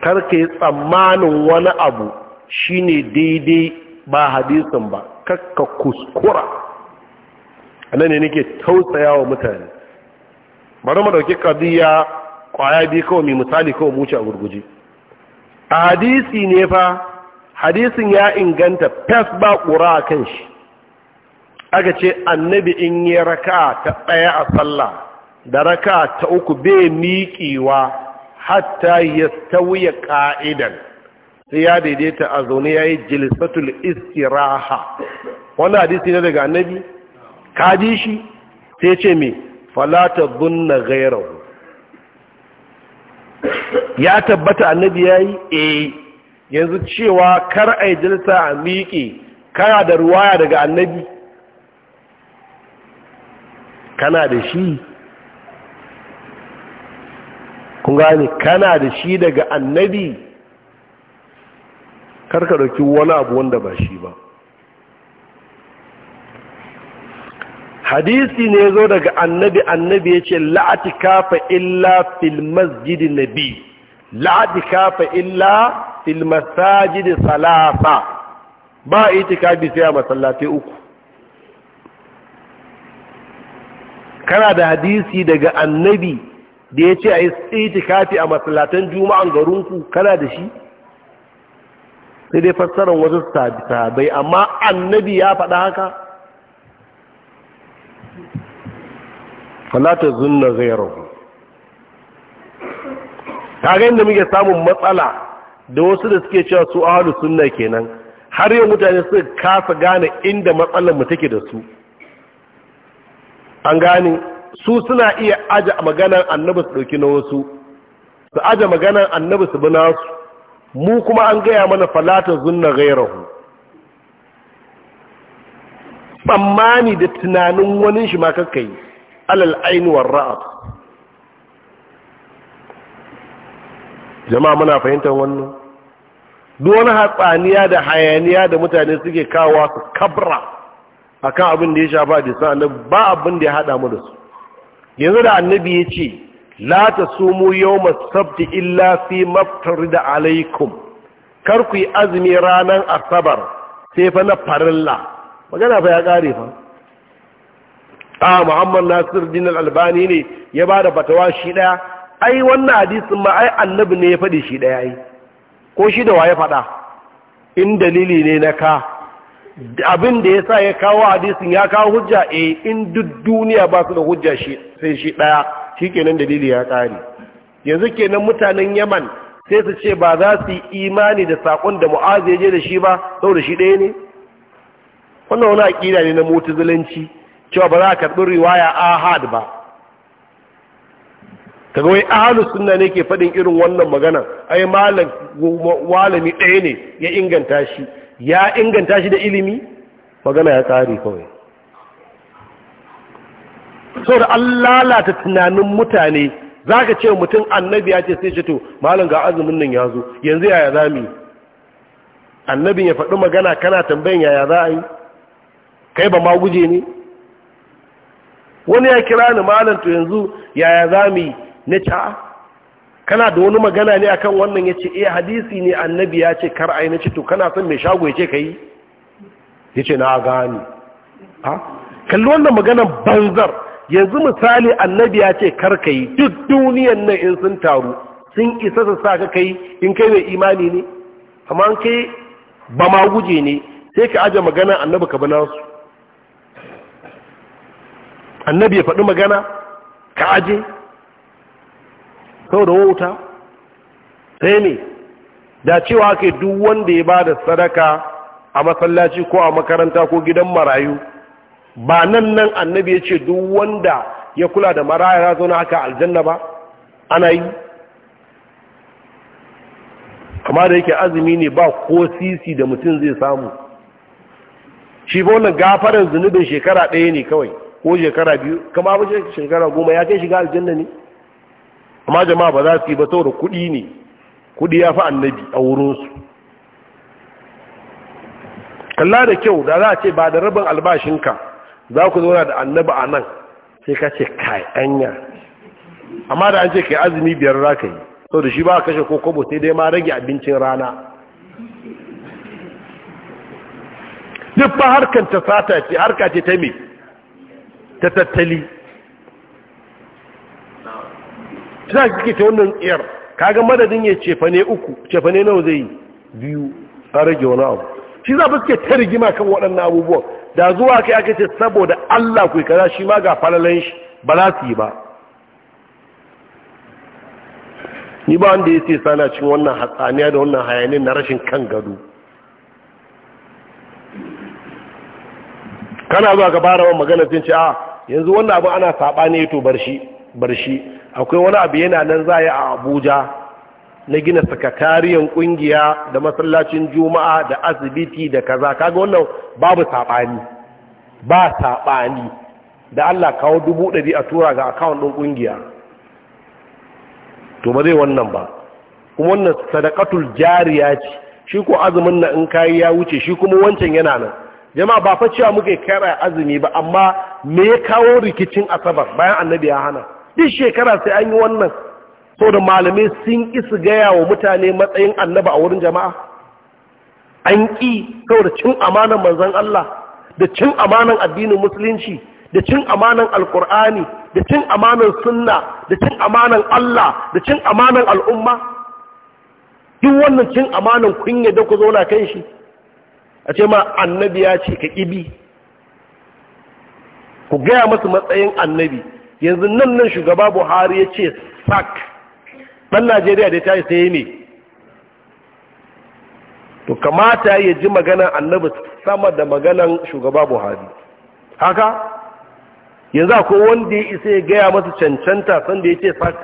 kar ka yi tsammanin wani abu shine daidai ba hadisin ba kakka kuskura anan ne nake tausaya wa mutane bari mu dauki qadiya kwaya bi kawai mai misali kawai mu a gurguje hadisi ne fa hadisin ya inganta fas ba qura kan shi aka ce annabi in yi raka ta ɗaya a sallah da raka ta uku bai miƙewa hatta ya sauya ƙa'idan sai ya daidaita a zaune ya yi istiraha wani hadisi ne daga annabi ka ji shi sai ce me falata bunna gairar ya tabbata annabi ya yi e eh. yanzu cewa kar a yi jilta a miƙe kana da ruwaya daga annabi kana da shi kun kana da shi daga annabi karka dauki wani abu wanda ba shi ba hadisi ne zo daga annabi annabi ya ce la'ati kafa illa fil masjidi nabi la'ati kafa illa fil masajidi salasa ba itikafi sai a masallatai uku kana da hadisi daga annabi da ya ce a yi itikafi a masallatan juma'an garinku kana da shi sai dai fassarar wasu sahabai amma annabi ya faɗa haka falata zunna Ta gani inda muke samun matsala da wasu da suke cewa su ahalu sunna kenan har yau mutane su kasa gane inda matsalar mu take da su an gane su suna iya aja maganar annabi su dauki na wasu su aja maganar annabi su bi nasu mu kuma an gaya mana falata zunna ghayrahu tsammani da tunanin wani shi ma kakkai alal aini war jama'a muna fahimtar wannan duk wani hatsaniya da hayaniya da mutane suke kawo su kabra akan abin da ya shafa hadisan annabi ba abin da ya haɗa mu da su yanzu da annabi ya ce la tasumu yawma sabti illa fi maftarida alaikum kar ku yi azumi ranar asabar sai fa na farilla magana fa ya kare fa Aa muhammad nasir din albani ne ya ba da fatawa shi ɗaya ai wannan hadisin ma ai annabi ne ya faɗi shi ɗaya ai ko shi da waye faɗa in dalili ne na ka abin da ya sa ya kawo hadisin ya kawo hujja eh in duk duniya ba su da hujja sai shi ɗaya shi kenan dalili ya ƙare yanzu kenan mutanen yaman sai su ce ba za su yi imani da saƙon da mu'azi ya je da shi ba saboda shi ɗaya ne wannan wani aƙida ne na zulunci cewa ba za a karɓi riwaya ahad ba kaga wai ahalus suna ne ke faɗin irin wannan magana ai malam ɗaya ne ya inganta shi ya inganta shi da ilimi magana ya tsari kawai so da an lalata tunanin mutane za ka ce mutum annabi ya ce sai ce to malam ga azumin nan ya zo yanzu yaya za mu annabin ya faɗi magana kana tambayin yaya za a yi kai ba ma guje ne wani ya kira ni malam to yanzu yaya za mu yi ah, kana da wani magana ne akan wannan ya eh hadisi ne annabi ya ce kar ai na to kana son me shago ya ce ka na gani ha Kallon wannan maganan banzar yanzu misali annabi ya ce kar ka duk duniyan nan in sun taru sun isa su sa ka kai in kai mai imani ne amma kai ba ma guje ne sai ka aje maganar annabi ka bi su. annabi ya faɗi magana ka aje sau da wauta sai ne da cewa ake duk wanda ya ba da sadaka a masallaci ko a makaranta ko gidan marayu ba nan nan annabi ya ce duk wanda ya kula da maraya ya zauna aka aljanna ba ana yi amma da yake azumi ne ba ko sisi da mutum zai samu shi ba wannan gafarar zunubin shekara ɗaya ne kawai ko shekara biyu kama ba shekara goma ya kai shiga aljanna ne amma jama'a ba za su yi ba saboda kuɗi ne kuɗi ya fi annabi a wurinsu kalla da kyau da za a ce ba da rabin albashinka za ku zauna da annabi a nan sai ka ce kai anya amma da an ce kai azumi biyar za ka yi saboda shi ba kashe ko kobo sai dai ma rage abincin rana duk ba harkar ta sata ce harka ce ta mai ta tattali za ki kike ta wannan ka kaga madadin ya cefane uku cefane nawa zai yi biyu a rage wani abu shi za fuske ta rigima kan waɗannan abubuwan da zuwa kai aka ce saboda Allah ku kaza shi ma ga falalan shi ba za su yi ba ni ba wanda ya ce sana cin wannan hatsaniya da wannan hayanin na rashin kan gado kana zuwa ka fara wa magana sun ce a ah, yanzu wannan abu ana saba ne to bar shi akwai wani abu yana nan za a abuja na gina sakatariyar kungiya da masallacin juma'a da asibiti da kaza kaga wannan babu sabani ba sabani da Allah kawo dubu ɗari a tura ga akawun ɗin kungiya to ba wannan ba kuma wannan sadakatul jariya ce shi ko azumin na in kayi ya wuce shi kuma wancan yana nan jama'a ba fa cewa muka kara azumi ba amma me ya kawo rikicin asabar bayan annabi ya hana duk shekara sai an yi wannan so da malamai sun isu gaya wa mutane matsayin annaba a wurin jama'a an ƙi saboda cin amanan manzon Allah da cin amanan addinin musulunci da cin amanan alkur'ani da cin amanan sunna da cin amanan Allah da cin amanan al'umma duk wannan cin amanan kun yadda ku zauna kan shi a ce ma annabi ya ce ka ƙibi ku gaya masu matsayin annabi yanzu nan nan shugaba buhari ya ce sak ɗan najeriya da ta yi sai ne to kamata ya ji maganan annabi sama da maganan shugaba buhari haka yanzu ko wanda ya isa ya gaya masu cancanta sanda ya ce sak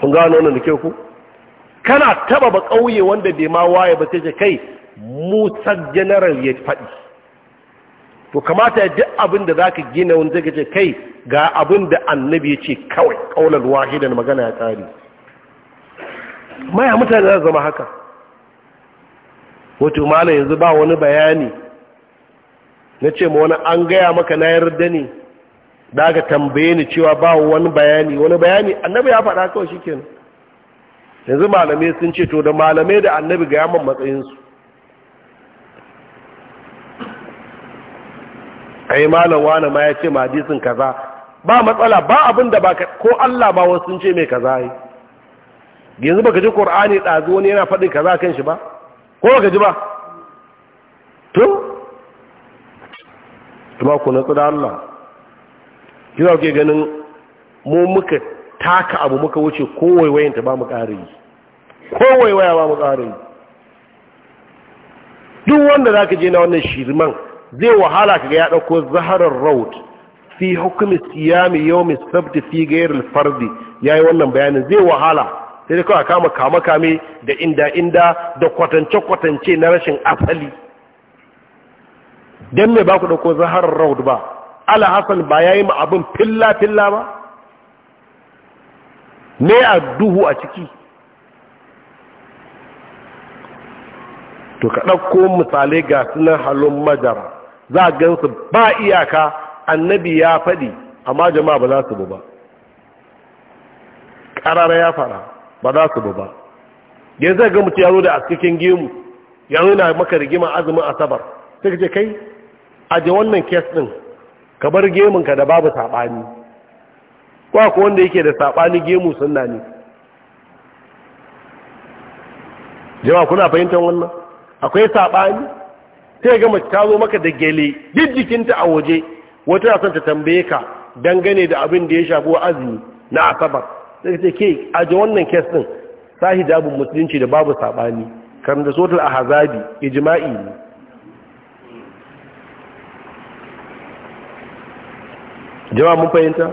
kun gano nan da ke ku kana taba ba ƙauye wanda bai ma waye ba sai kai musa general ya faɗi to kamata ya duk abin da ka gina wani zaka ce kai ga abin da annabi ya ce kawai ƙaunar wahidan magana ya tsari maya mutane za zama haka wato malam yanzu ba wani bayani na ce ma wani an gaya maka na yarda ne daga aka tambaye ni cewa ba wani bayani wani bayani annabi ya faɗa kawai shikenan yanzu malamai sun ce to da malamai da annabi ga yaman matsayinsu ai malam wani ma ya ce ma kaza ba matsala ba abin da ba ko Allah ba wasu sun ce mai kaza yi yanzu baka ji ƙor'ani dazu wani yana faɗin kaza kan shi ba ko baka ji ba to kuma ku na tsada Allah kina ke ganin mu muka taka abu muka wuce kowaiwayen ta ba mu ƙara yi kowaiwaya ba mu duk wanda za ka je na wannan shirman zai wahala ka ga ya ɗauko zaharar raut fi hukumi siyami yau mai sabta fi gayar alfardi ya yi wannan bayanin zai wahala sai dai kawai kama kame-kame da inda-inda da kwatance-kwatance na rashin asali don mai ba ku ɗauko zaharar raut ba ala hassan ba ya yi ma abin filla-filla ba me a duhu a ciki to ka ɗauko misalai ga sunan halon majara za a gansu ba iyaka annabi ya faɗi amma jama'a ba za su bu ba ƙarara ya fara ba za su bu ba zai ga mutu yaro da a cikin gemu ya nuna maka rigima azumin asabar sai ka ce kai a wannan kes ɗin ka bar gemunka da babu saɓani ko ko wanda yake da sabani gemu sunna ne jama kuna fahimtar wannan akwai sabani sai ga mace ta zo maka da gele jikinta a waje wata na son ta tambaye ka dangane da abin da ya shafi azumi na asabar sai ce ke aje wannan kes din sa hijabin musulunci da babu sabani kan da a hazabi ijma'i ne jama'a mun fahimta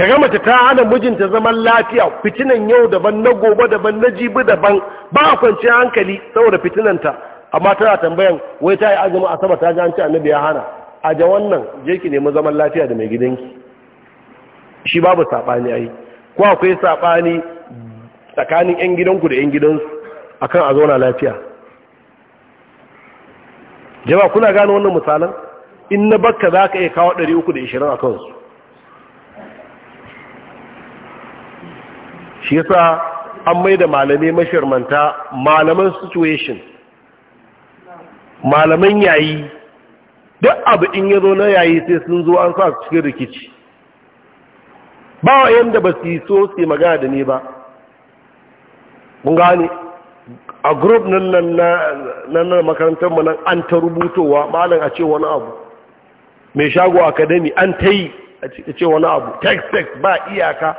kaga mace ta hana mijinta zaman lafiya fitinan yau daban na gobe daban na jibi daban ba a kwanci hankali saboda fitinanta amma tana tambayan wai ta yi azumi asabar ta ji an ci annabi ya hana a ja wannan je ki nemi zaman lafiya da mai gidanki shi babu sabani ai ko akwai sabani tsakanin yan gidanku da yan gidansu akan a zauna lafiya jama'a kuna gane wannan misalan in na bakka za ka iya kawo 320 a kansu shi yasa an mai da malami mashirmanta malaman situation malaman yayi duk abu in ya zo na yayi sai sun zo an sa cikin rikici ba wa yadda ba su yi so su magana da ne ba mun gane a group nan na makarantar mu an ta rubutowa malam a ce wani abu mai shago academy an ta yi a ce wani abu text text ba iyaka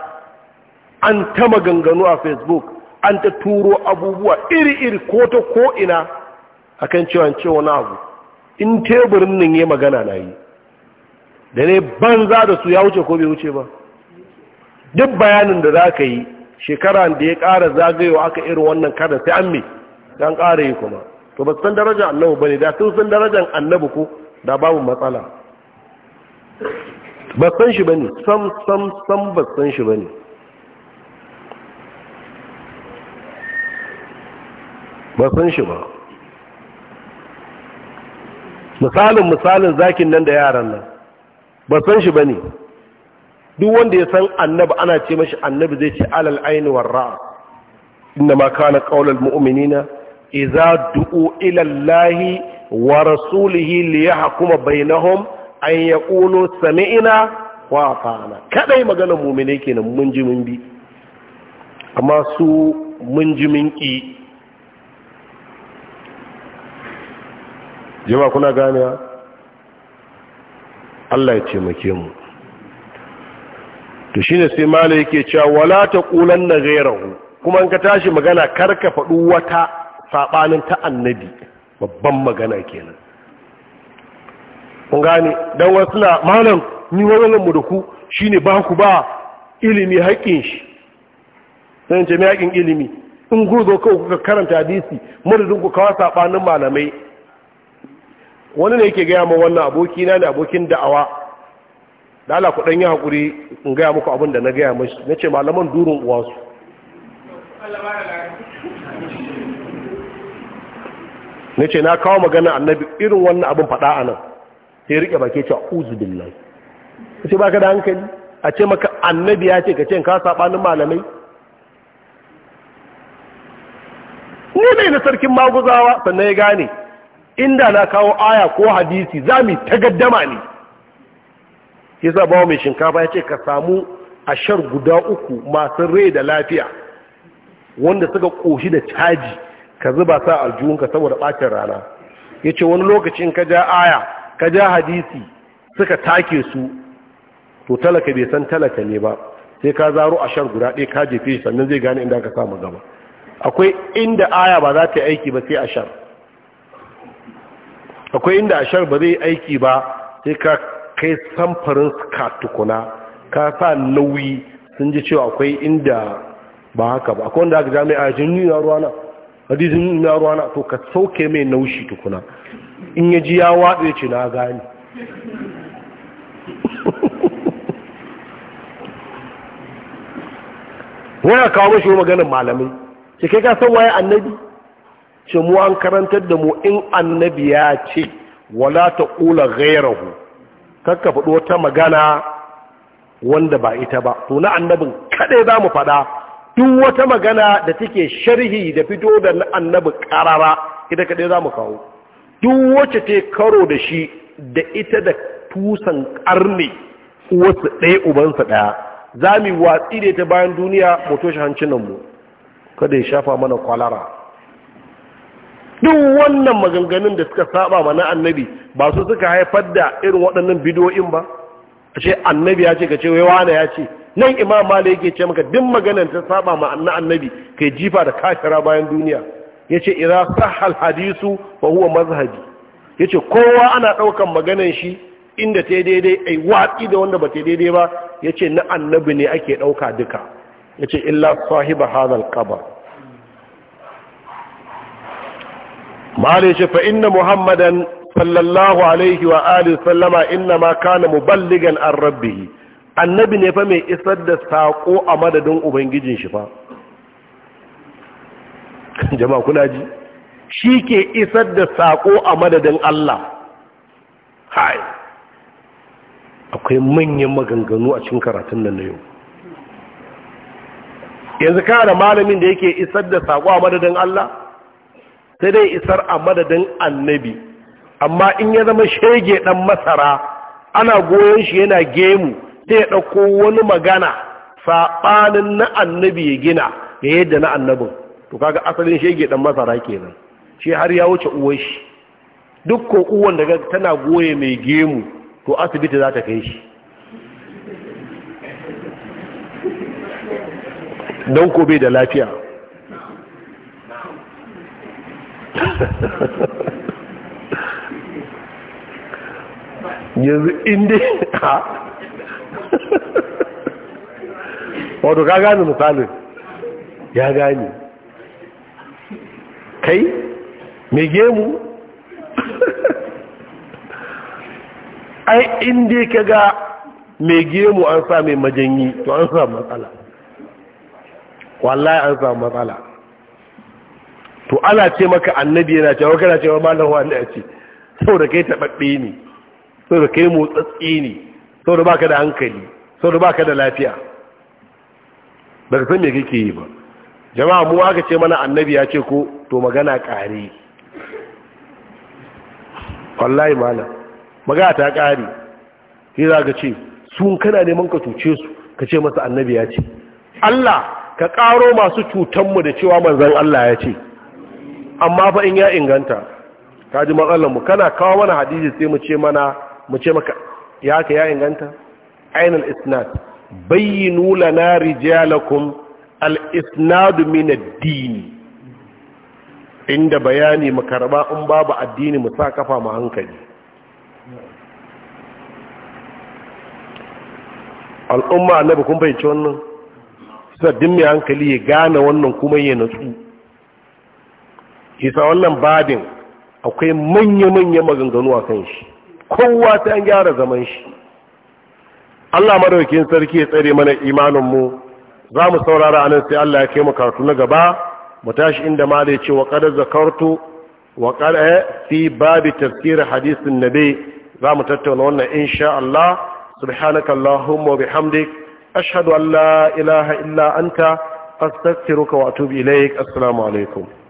an ta maganganu a facebook an ta turo abubuwa iri-iri ko ta ko'ina a kan cewa ce wani abu in teburin nan ya magana na yi da ne banza da su ya wuce ko bai wuce ba duk bayanin da za ka yi shekara da ya kara zagayewa aka irin wannan kada sai an mai don kara yi kuma to ba san darajar annabu ba ne da sun san darajar annabu ko da babu matsala ba san shi ba ne sam sam sam ba san shi ba ne ba san shi ba misalin misalin zakin nan da yaran nan ba san shi ba ne duk wanda ya san annabi ana ce mashi annabi zai ce alal aini warra inda ma kana qaulal mu'minina idza du'u ila wa rasulihi liyahkuma bainahum an yaqulu sami'na wa fa'ana Kaɗai maganar mu'mine kenan mun ji mun bi amma su mun ji mun ƙi. jama kuna ganewa Allah ya taimake mu to shine sai mala yake cewa wala taqulanna ghayrahu kuma in ka tashi magana karka fadu wata sabanin ta annabi babban magana kenan kun gane dan wasu na malam ni wannan mu da ku shine ba ku ba ilimi haƙin shi sai ce mai ilimi in gurzo kawai kuka karanta hadisi madadin ku kawo sabanin malamai wani ne yake gaya ma wannan aboki na ne abokin da'awa da ala ku dan yi hakuri in gaya muku abin da na gaya mashi na ce malaman durin uwansu na ce na kawo magana annabi irin wannan abin faɗa a nan sai rike ke cewa uzu billahi ka ce baka da hankali a ce maka annabi ya ce ka ce ka saɓanin malamai Ni ne na sarkin maguzawa sannan ya gane inda na kawo aya ko hadisi za mu ta gaddama ne yasa wa mai shinkafa ya ce ka samu ashar guda uku masu rai da lafiya wanda suka ƙoshi da caji ka zuba sa aljihunka saboda ɓacin rana ya ce wani lokacin ka ja aya ka ja hadisi suka take su to talaka bai san talaka ne ba sai ka zaro ashar guda ɗaya ka jefe sannan zai gane inda ka samu gaba akwai inda aya ba za ta yi aiki ba sai ashar akwai inda ashar ba zai aiki ba sai ka kai samfarin ka tukuna ka sa nauyi sun ji cewa akwai inda ba haka ba akwai wanda aka jami'a jini na ruwana hadisin na ruwana to ka sauke mai naushi tukuna in ya ji ya waɗe ce na gani wani kawo mashi maganin malamai ce kai ka san waye annabi ce mu an karantar da mu in annabi ya ce wala ta ƙula gairahu kakka faɗo wata magana wanda ba ita ba to na annabin kaɗai za mu faɗa duk wata magana da take sharhi da fito da na annabi ƙarara ita kaɗai za mu kawo duk wacce ta karo da shi da ita da tusan ƙarni wasu ɗaya ubansa ɗaya za mu watsi da ita bayan duniya mu toshe mu. kada ya shafa mana kwalara duk wannan maganganun da suka saba mana annabi ba su suka haifar da irin waɗannan bidoyin ba a ce annabi ya ce ka ce wai wane ya ce nan imam malik yake ce maka duk maganan ta saba ma annabi kai jifa da kashira bayan duniya Ya ce ira sahal hadisu fa huwa mazhabi ce kowa ana ɗaukan maganar shi inda ta daidai ai watsi da wanda ba ta daidai ba Ya ce na annabi ne ake ɗauka duka Ya ce illa sahiba hadal kabar mali ce fa inna muhammadan sallallahu alaihi wa alihi sallama inna ma kana muballigan an rabbihi annabi ne fa mai isar da sako a madadin ubangijin shi fa jama'a kuna ji shi ke isar da sako a madadin Allah hai akwai manyan maganganu a cikin karatun nan na yau yanzu kana malamin da yake isar da sako a madadin Allah sai dai isar a madadin annabi amma in ya zama shege dan masara ana goyon shi yana gemu sai ya ɗauko wani magana saɓanin na annabi ya gina ya yadda na annabin to kaga asalin shege dan masara kenan shi har ya wuce uwan shi duk ko uwan daga tana goye mai gemu to asibiti za ta kai shi don ko bai da lafiya yanzu inda ha wato ka gane misalin ya gane kai mai gemu ai inda ka ga mai gemu an sa mai majanyi to an sa matsala wallahi an sa matsala to ana ce maka annabi yana cewa kana cewa malam wani ya ce saboda kai taɓaɓɓe ne saboda kai motsatsi ne saboda baka da hankali saboda baka da lafiya baka san me kake yi ba jama'a mu aka ce mana annabi ya ce ko to magana ƙare wallahi malam magana ta ƙare sai za ka ce sun kana neman ka cuce su ka ce masa annabi ya ce Allah ka ƙaro masu cutanmu da cewa manzan Allah ya ce amma fa in ya inganta kaji matsalar mu kana kawo mana hadisi sai mu ce mana mu ce maka ya ka ya inganta ainul isnad bayyinu lana rijalakum al isnad min ad-din inda bayani makarba in babu addini mu sa kafa mu hankali al'umma annabi kun fahimci wannan sabbin mai hankali ya gane wannan kuma ya natsu isa wannan babin akwai manya-manya maganganu a kan shi kowa ta an gyara zaman shi Allah maraukin sarki ya tsare mana imaninmu za mu saurara a nan sai Allah ya kai mu karatu na gaba mu tashi inda ma da ya ce wa kada zakartu wa kada eh, fi babi tafsirin hadisin nabi za mu tattauna wannan insha Allah subhanaka allahumma bihamdik ashhadu an la ilaha illa anta astaghfiruka wa atubu ilaik assalamu alaikum